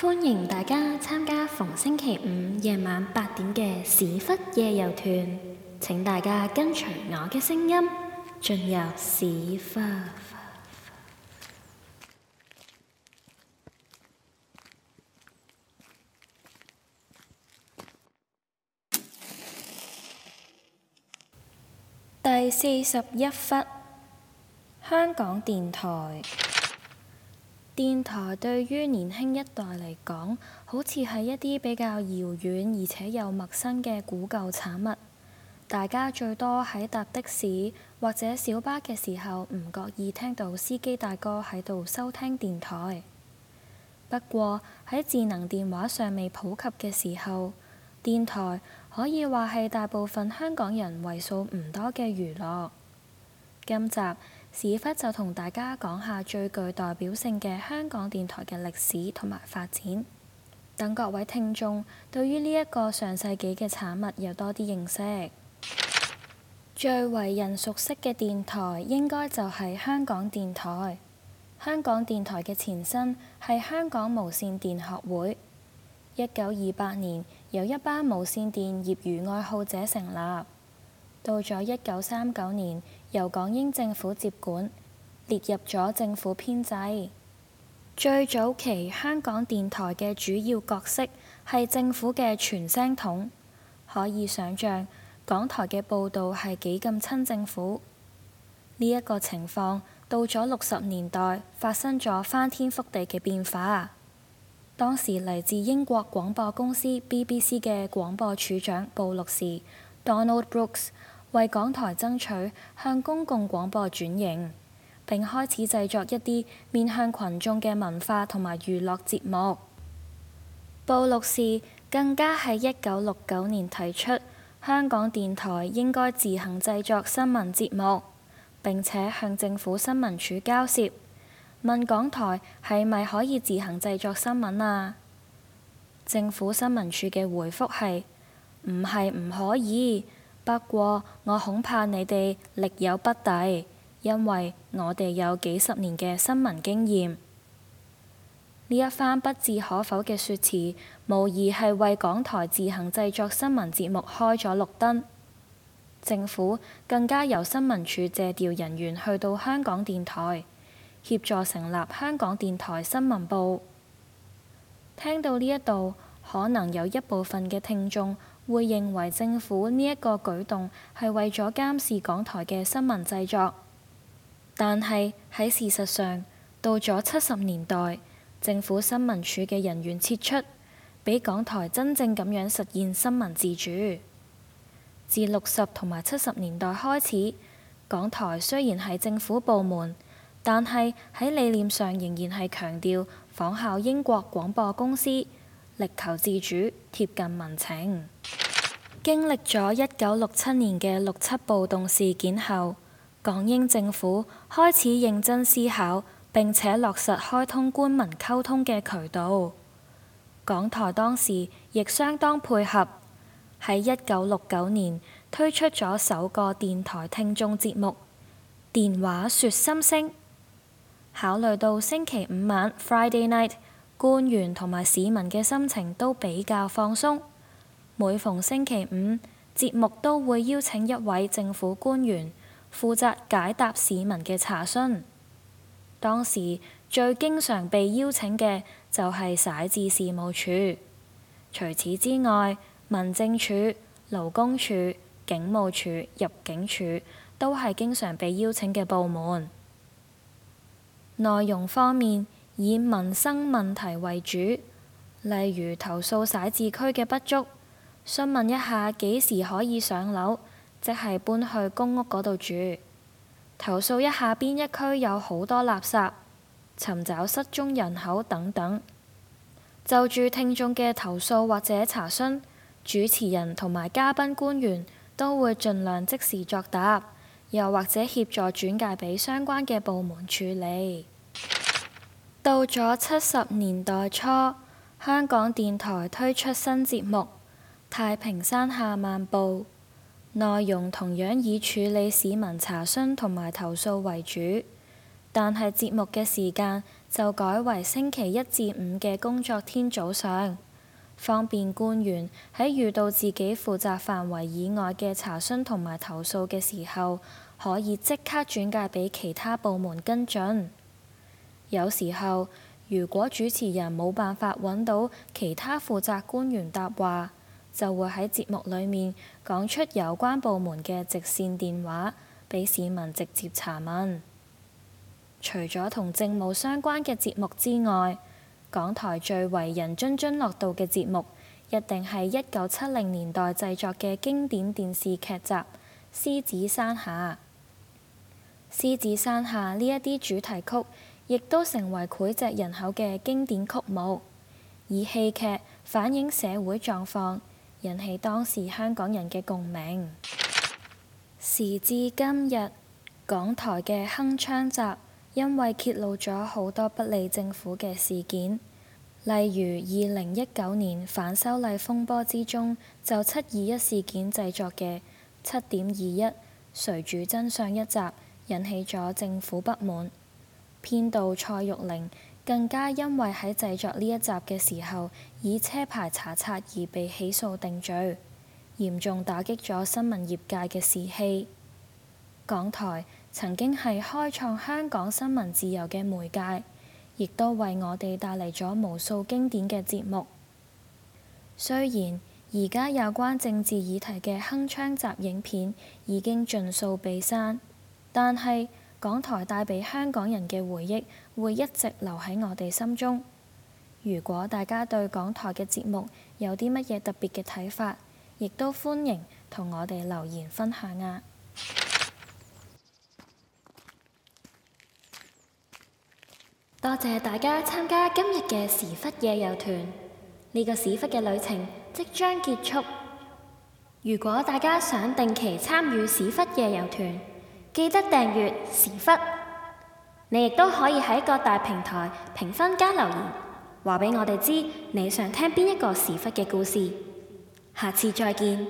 歡迎大家參加逢星期五夜晚八點嘅史窟夜遊團。請大家跟隨我嘅聲音進入史窟。 第四十一窟，香港電台。電台對於年輕一代嚟講，好似係一啲比較遙遠而且又陌生嘅古舊產物。大家最多喺搭的士或者小巴嘅時候，唔覺意聽到司機大哥喺度收聽電台。不過喺智能電話尚未普及嘅時候，電台可以話係大部分香港人為數唔多嘅娛樂。今集史窟就同大家講下最具代表性嘅香港電台嘅歷史同埋發展，等各位聽眾對於呢一個上世紀嘅產物有多啲認識。最為人熟悉嘅電台應該就係香港電台。香港電台嘅前身係香港無線電學會，一九二八年由一班無線電業餘愛好者成立，到咗一九三九年，由港英政府接管，列入咗政府編制。最早期香港電台嘅主要角色係政府嘅傳聲筒，可以想象港台嘅報道係幾咁親政府。呢、這、一個情況到咗六十年代，發生咗翻天覆地嘅變化。當時嚟自英國廣播公司 BBC 嘅廣播處長布魯斯 （Donald Brooks）。為港台爭取向公共廣播轉型，並開始製作一啲面向群眾嘅文化同埋娛樂節目。布祿士更加喺一九六九年提出，香港電台應該自行製作新聞節目，並且向政府新聞處交涉，問港台係咪可以自行製作新聞啊？政府新聞處嘅回覆係：「唔係，唔可以。」不過我恐怕你哋力有不逮，因為我哋有幾十年嘅新聞經驗。呢一番不置可否嘅說辭，無疑係為港台自行製作新聞節目開咗綠燈。政府更加由新聞處借調人員去到香港電台，協助成立香港電台新聞部。聽到呢一度，可能有一部分嘅聽眾。會認為政府呢一個舉動係為咗監視港台嘅新聞製作，但係喺事實上，到咗七十年代，政府新聞處嘅人員撤出，俾港台真正咁樣實現新聞自主。自六十同埋七十年代開始，港台雖然係政府部門，但係喺理念上仍然係強調仿效英國廣播公司。力求自主，貼近民情。經歷咗一九六七年嘅六七暴動事件後，港英政府開始認真思考，並且落實開通官民溝通嘅渠道。港台當時亦相當配合，喺一九六九年推出咗首個電台聽眾節目《電話說心聲》。考慮到星期五晚 Friday night 官員同埋市民嘅心情都比較放鬆。每逢星期五，節目都會邀請一位政府官員負責解答市民嘅查詢。當時最經常被邀請嘅就係徙置事務處。除此之外，民政處、勞工處、警務處、入境處都係經常被邀請嘅部門。內容方面，以民生問題為主，例如投訴徙置區嘅不足，詢問一下幾時可以上樓，即係搬去公屋嗰度住；投訴一下邊一區有好多垃圾，尋找失蹤人口等等。就住聽眾嘅投訴或者查詢，主持人同埋嘉賓官員都會盡量即時作答，又或者協助轉介俾相關嘅部門處理。到咗七十年代初，香港電台推出新節目《太平山下漫步》，內容同樣以處理市民查詢同埋投訴為主，但係節目嘅時間就改為星期一至五嘅工作天早上，方便官員喺遇到自己負責範圍以外嘅查詢同埋投訴嘅時候，可以即刻轉介俾其他部門跟進。有時候，如果主持人冇辦法揾到其他負責官員答話，就會喺節目裏面講出有關部門嘅直線電話，俾市民直接查問。除咗同政務相關嘅節目之外，港台最為人津津樂道嘅節目，一定係一九七零年代製作嘅經典電視劇集《獅子山下》。《獅子山下》呢一啲主題曲。亦都成為膾炙人口嘅經典曲目，以戲劇反映社會狀況，引起當時香港人嘅共鳴。時至今日，港台嘅鏗鏘集因為揭露咗好多不利政府嘅事件，例如二零一九年反修例風波之中，就七二一事件製作嘅《七點二一誰主真相》一集，引起咗政府不滿。編導蔡玉玲更加因為喺製作呢一集嘅時候以車牌查冊而被起訴定罪，嚴重打擊咗新聞業界嘅士氣。港台曾經係開創香港新聞自由嘅媒介，亦都為我哋帶嚟咗無數經典嘅節目。雖然而家有關政治議題嘅鏗鏘集影片已經盡數被刪，但係港台帶俾香港人嘅回憶，會一直留喺我哋心中。如果大家對港台嘅節目有啲乜嘢特別嘅睇法，亦都歡迎同我哋留言分享啊！多謝大家參加今日嘅史窟夜遊團，呢個史窟嘅旅程即將結束。如果大家想定期參與史窟夜遊團，記得訂閱史窟，你亦都可以喺各大平台評分加留言，話俾我哋知你想聽邊一個史窟嘅故事。下次再見。